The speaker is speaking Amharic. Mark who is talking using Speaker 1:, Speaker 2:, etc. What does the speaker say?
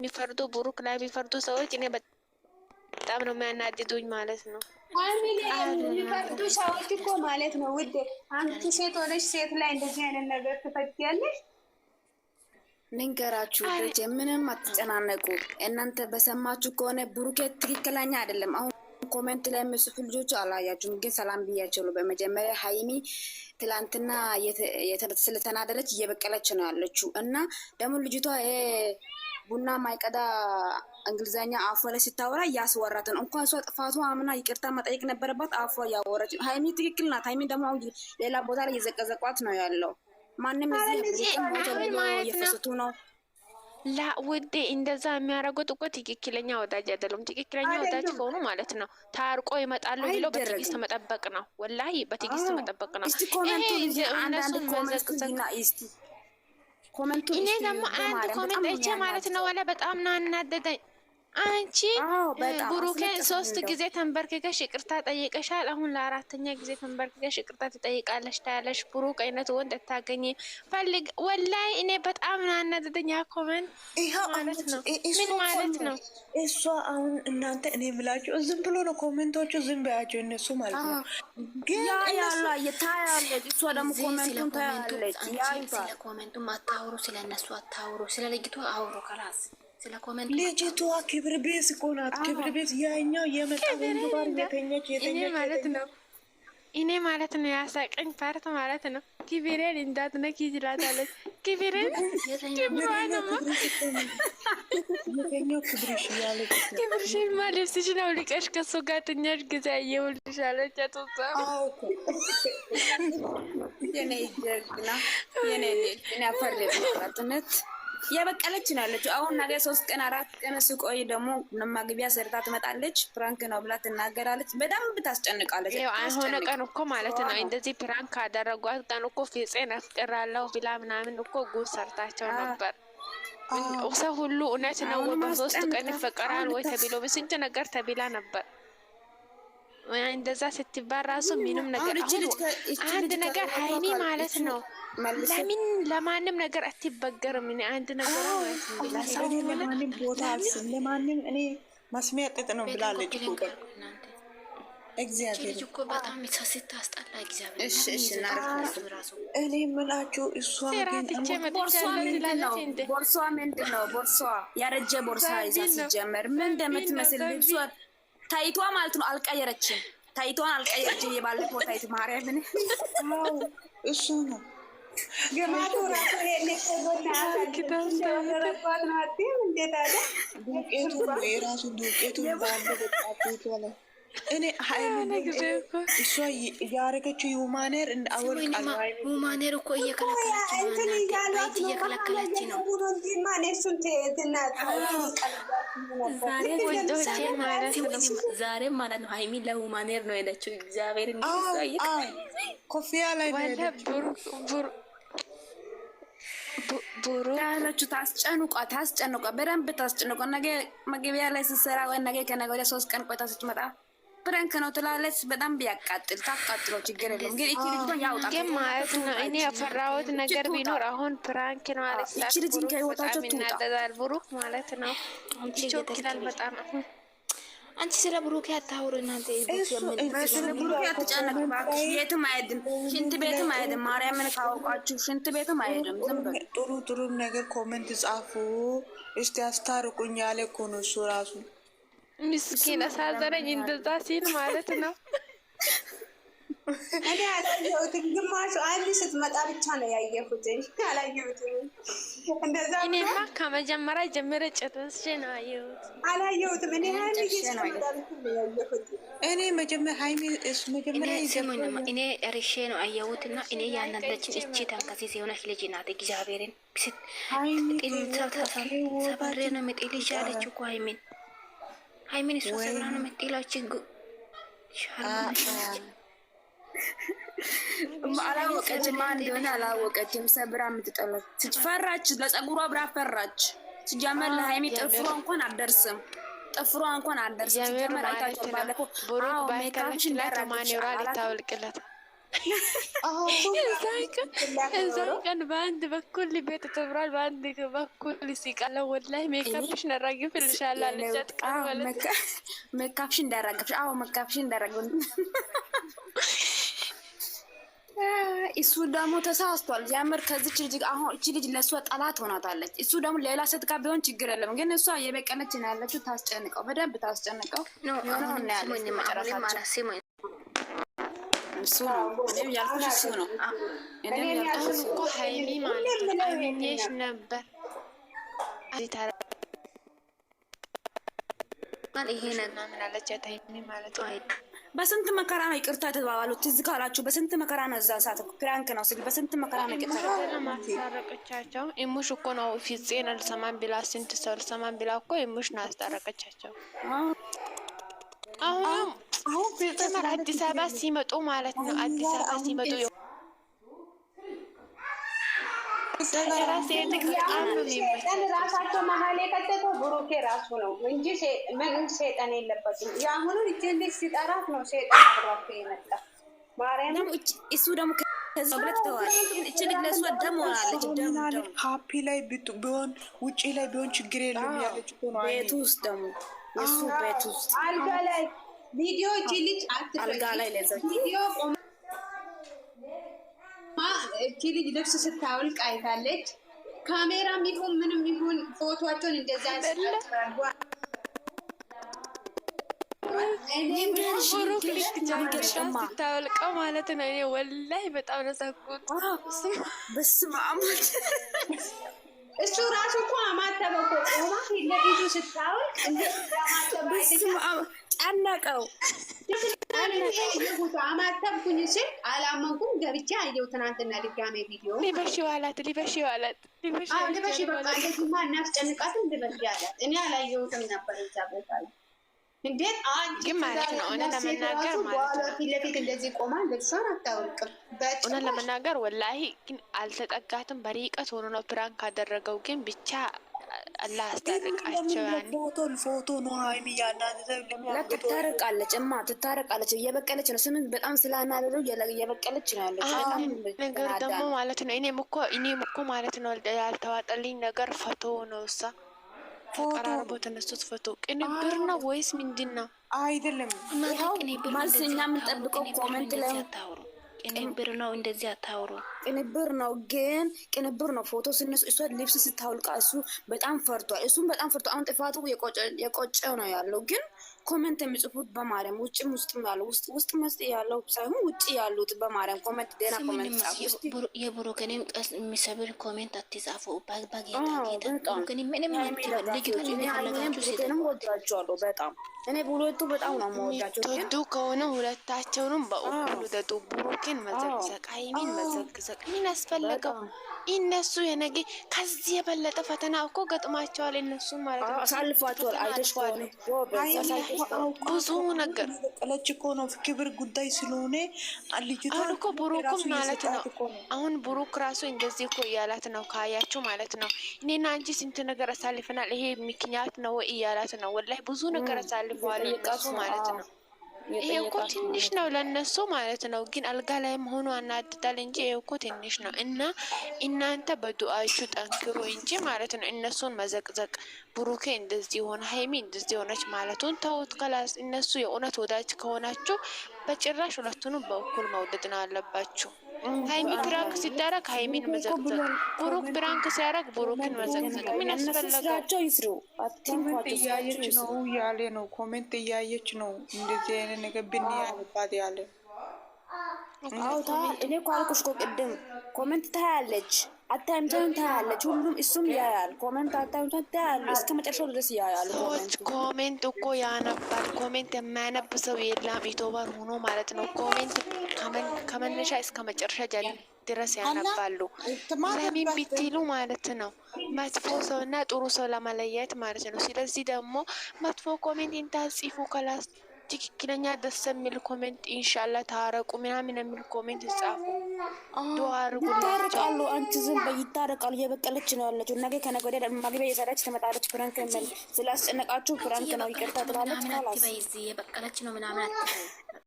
Speaker 1: የሚፈርዱ ብሩክ ላይ የሚፈርዱ ሰዎች እኔ በጣም ነው የሚያናድዱኝ ማለት ነው።
Speaker 2: የሚፈርዱ ሰዎች እኮ ማለት ነው። ውዴ አንቺ ሴት ሆነሽ ሴት ላይ እንደዚህ አይነት ነገር ትፈትያለሽ?
Speaker 3: ንገራችሁ ልጅ ምንም አትጨናነቁ እናንተ በሰማችሁ ከሆነ ብሩኬ ትክክለኛ አይደለም። አሁን ኮሜንት ላይ የሚጽፉ ልጆች አላያችሁም፣ ግን ሰላም ብያቸሉ። በመጀመሪያ ሀይሚ ትላንትና ስለተናደደች እየበቀለች ነው ያለችው እና ደግሞ ልጅቷ ቡና ማይቀዳ እንግሊዝኛ አፏ ላይ ስታወራ እያስወራት ነው። እንኳን እሷ ጥፋቱ አምና ይቅርታ መጠየቅ ነበረባት። አፏ እያወረች ነው። ሀይሚ ትክክል ናት። ሀይሚ ደግሞ ሌላ ቦታ ላይ እየዘቀዘቋት ነው ያለው። ማንም
Speaker 1: እየፈሰቱ ነው። ላ ውዴ እንደዛ የሚያደርጉት እኮ ትክክለኛ ወዳጅ አይደለም። ትክክለኛ ወዳጅ ከሆኑ ማለት ነው ታርቆ ይመጣሉ ብለው በትግስት መጠበቅ ነው። ወላሂ በትግስት መጠበቅ ነው።
Speaker 3: እነሱን መዘቅዘቅ
Speaker 1: ኮመንቱ እኔ ደግሞ አንድ ኮመንት እቼ ማለት ነው ወላ በጣም ነው አናደደኝ። አንቺ ብሩኬ ሶስት ጊዜ ተንበርክገሽ ይቅርታ ጠይቀሻል። አሁን ለአራተኛ ጊዜ ተንበርክገሽ ይቅርታ ትጠይቃለሽ ታያለሽ። ብሩክ አይነት ወንድ አታገኝ ፈልግ። ወላይ እኔ በጣም ናናደደኛ ኮመን
Speaker 3: ማለት ምን ማለት ነው እሷ አሁን እናንተ እኔ ምላችሁ ዝም ብሎ ነው ኮመንቶቹ ዝም በያቸው እነሱ ማለት ነው።
Speaker 1: ግን ታያለች እሷ ደግሞ ኮመንቱን ታያለች።
Speaker 4: ስለ ኮሜንቱም አታውሩ፣ ስለ እነሱ አታውሩ፣ ስለ ልጅቱ አውሩ ከላስ ስለ ኮመንት
Speaker 3: ልጅቷ ክብር ቤት እኮ ናት። ክብር ቤት ያኛው የመጣ
Speaker 1: ወንድ ጋር የተኛች የተኛች ማለት ነው። እኔ ማለት ነው ያሳቀኝ ፓርት ማለት ነው። ክብሬን እንዳትነኪ ይላታለች። ክብሬን ክብርሽንማ ነው ልቀሽ ከሱ ጋር ትኛሽ ጊዜ አየሁልሽ አለች። ጡጣ
Speaker 2: የኔ ጀግና የኔ ፈርነት እየበቀለች ነው ያለችው። አሁን ነገ ሶስት ቀን አራት ቀን ስቆይ ደግሞ መግቢያ ሰርታ ትመጣለች። ፕራንክ ነው ብላ ትናገራለች። በደንብ ታስጨንቃለች።
Speaker 1: አልሆነ ቀን እኮ ማለት ነው እንደዚህ ፕራንክ ካደረጓት ቀን እኮ ፊፄን አፍቅራለሁ ብላ ምናምን እኮ ጉድ ሰርታቸው ነበር። ሰው ሁሉ እውነት ነው በሶስት ቀን ይፈቀራል ወይ ተብሎ በስንት ነገር ተብላ ነበር። እንደዛ ስትባል ራሱ ምንም ነገር አንድ ነገር ሀይኒ ማለት ነው ለምን ለማንም ነገር አትበገርም። እኔ አንድ ነገር
Speaker 3: ለማንም ቦታ አልስም፣ ለማንም እኔ መስሚያ ጥጥ ነው ብላለች። እግዚአብሔር እኔ የምላችሁ እሷ
Speaker 2: ቦርሷ ምንድን ነው? ቦርሷ ያረጀ ቦርሳ ይዛ ሲጀመር ምን እንደምትመስል ልብሷ ታይቷ ማለት ነው። አልቀየረችም፣ ታይቷን አልቀየረችም። የባለፈው ታይት ማርያምን እሱ ነው ግማቱ ራሱ
Speaker 3: እኔ እሷ ያረገችው ሁማኔር
Speaker 4: ሁማኔር እኮ
Speaker 2: እየከለከለች ነው። ማለት ነው
Speaker 1: ሀይሚ ለሁማኔር ነው ሄደችው። እግዚአብሔር
Speaker 3: ኮፊያ ላይ
Speaker 2: ያለች ታስጨንቋ ታስጨንቋ በደንብ ታስጨንቋ። ነገ መግቢያ ላይ ስትሰራ ወይ ነገ ከነገ ወዲያ ሶስት ቀን ቆይታ ስትመጣ ፕራንክ ነው ትላለች። በጣም ቢያቃጥል ታቃጥሎ ችግር የለም ግን እቺ ልጅ ያውጣ
Speaker 1: ግን ማለት ነው። እኔ የፈራሁት ነገር ቢኖር አሁን ፕራንክ ነው አለች። እቺ ልጅ ከህይወታቸው ትውጣ ብሩክ ማለት ነው። ቾክ ይላል በጣም አሁን አንቺ ስለ ብሩኬ አታውሪ። እናንተ
Speaker 2: ስለ ብሩኬ አትጨነቅ እባክሽ። የትም አይሄድም፣ ሽንት ቤትም አይሄድም። ማርያምን ካወቃችሁ ሽንት ቤትም አይሄድም። ዝም
Speaker 3: በል። ጥሩ ጥሩም ነገር ኮመንት ጻፉ እስቲ። አስታርቁኝ ያለ እኮ ነው እሱ ራሱ
Speaker 1: ምስኪን። አሳዘነኝ እንደዛ ሲል ማለት ነው
Speaker 2: እኔ አላየሁትም። ግማሹ አንድ ስትመጣ ብቻ ነው ያየሁት። አላየሁትም።
Speaker 1: እንደዛ እኔማ ከመጀመሪያ ጀምረ ጭርስ ነው አየሁት
Speaker 2: አላየሁትም። እኔ ሀይሚ ስትመጣ ነው
Speaker 3: ያየሁት። እኔ መጀመሪያ ሀይሚ
Speaker 4: መጀመሪያ እኔ ርሼ ነው አየሁት። እና እኔ ያናለችን እቺ ተንከሴስ የሆነች ልጅ ናት። እግዚአብሔርን ሰባሬ ነው የምጥል ልጅ አለች እኮ ሀይሚን ሀይሚን እሱ ሰብራ ነው የምጥላችን
Speaker 2: አላወቀችም። ማን እንደሆነ አላወቀችም። ሰብራ የምትጠላት ስትፈራች ለጸጉሯ ብራ ፈራች። ሲጀመር ለሀይሚ ጥፍሯ እንኳን አደርስም ጥፍሯ እንኳን አደርስም።
Speaker 1: ሲጀመር አይታቸው ባለፈው ሜካፕሽን ደረግሽ አላት። እዛን ቀን በአንድ በኩል ቤት ተብሯል፣ በአንድ በኩል ሲቀለው ወላሂ ሜካፕሽን አራግፍልሻለሁ አለቻት። ቃል ማለት
Speaker 2: ሜካፕሽን እንዳራግፍሽ። አዎ ሜካፕሽን እንዳራግፍሽ እሱ ደግሞ ተሳስቷል። የምር ከዚች ልጅ አሁን እቺ ልጅ ለእሷ ጠላት ሆናታለች። እሱ ደግሞ ሌላ ሴት ጋር ቢሆን ችግር የለም፣ ግን እሷ የበቀለች ነው ያለችው። ታስጨንቀው፣ በደንብ ታስጨንቀው።
Speaker 4: የሆነውን መጨረሳቸው እሱ ነው
Speaker 2: ያልኩሽ። እሱ ነው
Speaker 1: እኔ ያልኩሽ ሀይሚ ማለት አግኝሽ ነበር ይሄ ነና ምናለች ታይሚ ማለት
Speaker 2: በስንት መከራ ነው ይቅርታ የተባባሉት። ትዝ ካላችሁ በስንት መከራ ነው እዛ ሰዓት ፕራንክ ነው ስል በስንት መከራ
Speaker 1: ነው ይቅርታ ማስታረቀቻቸው። እኮ ነው ፊጼን አልሰማን ቢላ ስንት ሰው አልሰማን ቢላ እኮ ኢሙሽ ነው አስታረቀቻቸው። አሁንም አሁን አዲስ አበባ ሲመጡ ማለት ነው አዲስ አበባ ሲመጡ ሰይጣን
Speaker 2: ራሳቸው መሀል የቀጠተው ብሩኬ ራሱ ነው እንጂ ምንም ሰይጣን የለበትም። የአሁኑ እጅን ልጅ ሲጠራት ነው ሰይጣን አብሯቸው
Speaker 4: የመጣ ማርያም። እሱ ደግሞ
Speaker 3: ሀፒ ላይ ቢሆን ውጪ ላይ ቢሆን ችግር የለም ያለች
Speaker 2: ቤት ውስጥ ደግሞ የእሱ ቤት ውስጥ አልጋ ላይ ቪዲዮ እች
Speaker 1: አልጋ ላይ ለዛ
Speaker 2: ቪዲዮ እቺ ልጅ ልብስ ስታወልቅ አይታለች። ካሜራም ይሁን ምንም ይሁን ፎቶቸውን እንደዛ ያስጠራርጓል።
Speaker 1: ስታወልቀው ማለት ነው። እኔ በጣም ነሳኩት።
Speaker 3: በስመ አብ
Speaker 2: እሱ ራሱ እኮ ስታወልቅ አማተብኩኝ ስል አላመንኩም። ገብቼ አየው ትናንትና ድጋሜ ቪዲዮ
Speaker 1: ሊበሽ ዋላት ዋላት
Speaker 2: በቃ እንደዚህማ እናስጨንቃትም ልበሽ ያላት እኔ አላየሁትም ነበር እዛ ቦታ እንዴት
Speaker 1: ማለት ነው። እውነት ለመናገር
Speaker 2: ማለት ነው ፊት ለፊት እንደዚህ ቆማ ልብሷን አታወልቅም።
Speaker 1: እውነት ለመናገር ወላሂ ግን አልተጠጋትም። በርቀት ሆኖ ነው ፕራንክ አደረገው ግን ብቻ አላህ
Speaker 3: አስታርቃቸዋል።
Speaker 2: ፎቶ ትታረቃለች፣ እማ ትታረቃለች። እየበቀለች ነው ስምን በጣም ስላናደደው እየበቀለች ነው ያለች
Speaker 1: ነገር ደግሞ ማለት ነው። እኔም እኮ እኔም እኮ ማለት ነው ያልተዋጠልኝ ነገር ፈቶ ነው እሳ ተቀራርቦ ተነሱት ፎቶ ቅንብር ነው ወይስ ምንድን ነው?
Speaker 3: አይደለም
Speaker 4: እናንተ
Speaker 2: እኛ የምንጠብቀው ኮመንት
Speaker 4: ላይ ቅንብር ነው። እንደዚህ አታውሩ።
Speaker 2: ቅንብር ነው ግን ቅንብር ነው። ፎቶ ስነሱ እሷ ልብስ ስታውልቃ እሱ በጣም ፈርቷል። እሱም በጣም ፈርቷል። አሁን ጥፋቱ የቆጨው ነው ያለው ግን ኮመንት የሚጽፉት በማርያም ውጭም ውስጥም ያለው ውስጥ ውስጥ መስጥ ያለው ሳይሆን ውጭ ያሉት በማርያም ኮመንት ደና
Speaker 4: ኮመንት የቡሩክንም ቀስ የሚሰብር ኮሜንት አትጻፉ። ባጌታጌታቡሩክን
Speaker 2: በጣም እኔ
Speaker 1: በጣም ነው ከሆነ ሁለታቸውንም እነሱ የነገ ከዚህ የበለጠ ፈተና እኮ ገጥማቸዋል። እነሱ ማለት
Speaker 2: ነው አሳልፏቸዋል። አይተሽ ከሆነ
Speaker 1: ብዙ ነገር
Speaker 3: ቀለች እኮ ነው ክብር ጉዳይ ስለሆነ
Speaker 1: አሁን እኮ ብሩክም ማለት ነው አሁን ብሩክ ራሱ እንደዚህ እኮ እያላት ነው ካያችሁ ማለት ነው እኔና አንቺ ስንት ነገር አሳልፈናል፣ ይሄ ምክንያት ነው እያላት ነው። ወላሂ ብዙ ነገር አሳልፈዋል እነሱ ማለት ነው ይሄ እኮ ትንሽ ነው ለነሱ ማለት ነው። ግን አልጋ ላይ መሆኑ አናድዳል እንጂ ይሄ እኮ ትንሽ ነው እና እናንተ በዱአችሁ ጠንክሩ እንጂ ማለት ነው። እነሱን መዘቅዘቅ ብሩኬ እንደዚህ ሆነ፣ ሀይሚ እንደዚህ ሆነች ማለቱን ተውት። ከላስ እነሱ የእውነት ወዳጅ ከሆናችሁ በጭራሽ ሁለቱንም በእኩል መውደድ ነው አለባችሁ። ሀይሚ ፕራንክ ሲዳረግ ሀይሚን መዘግዘግ፣ ብሩክ ፕራንክ ሲያደረግ ብሩክን መዘግዘግ ምን ያስፈለጋቸው? ይስሩ
Speaker 3: እያየች ነው ያለ ነው። ኮሜንት እያየች ነው እንደዚህ አይነት ነገር ብን ያለባት ያለ
Speaker 2: አውታ። እኔ እኮ አልኩሽ እኮ ቅድም ኮመንት ታያለች አታይምታን ታያለች። ሁሉም እሱም ያያል። ኮሜንት አታይምታን ታያለች። እስከ መጨረሻው ድረስ ያያል።
Speaker 1: ሰዎች ኮሜንት እኮ ያነባል። ኮሜንት የማያነብ ሰው የለም። ኢትዮባር ሆኖ ማለት ነው ኮሜንት ከመነሻ እስከ መጨረሻ ድረስ ያነባሉ። ሰሚ ቢትሉ ማለት ነው መጥፎ ሰው እና ጥሩ ሰው ለመለየት ማለት ነው። ስለዚህ ደግሞ መጥፎ ኮሜንት እንታጽፉ ከላስ ትክክለኛ ደስ የሚል ኮሜንት ኢንሻላ ታረቁ ምናምን የሚል ኮሜንት ይጻፉ።
Speaker 2: ይታረቃሉ። አንቺ ዝም በይ ይታረቃሉ። እየበቀለች ነው ያለችው። ነገ ከነገ ወዲያ ማግቢያ እየሰራች ትመጣለች። ፍራንክ የሚል ስላስጨነቃችሁ ፍራንክ ነው ይቅርታ
Speaker 4: ትላለች። የበቀለች ነው ምናምን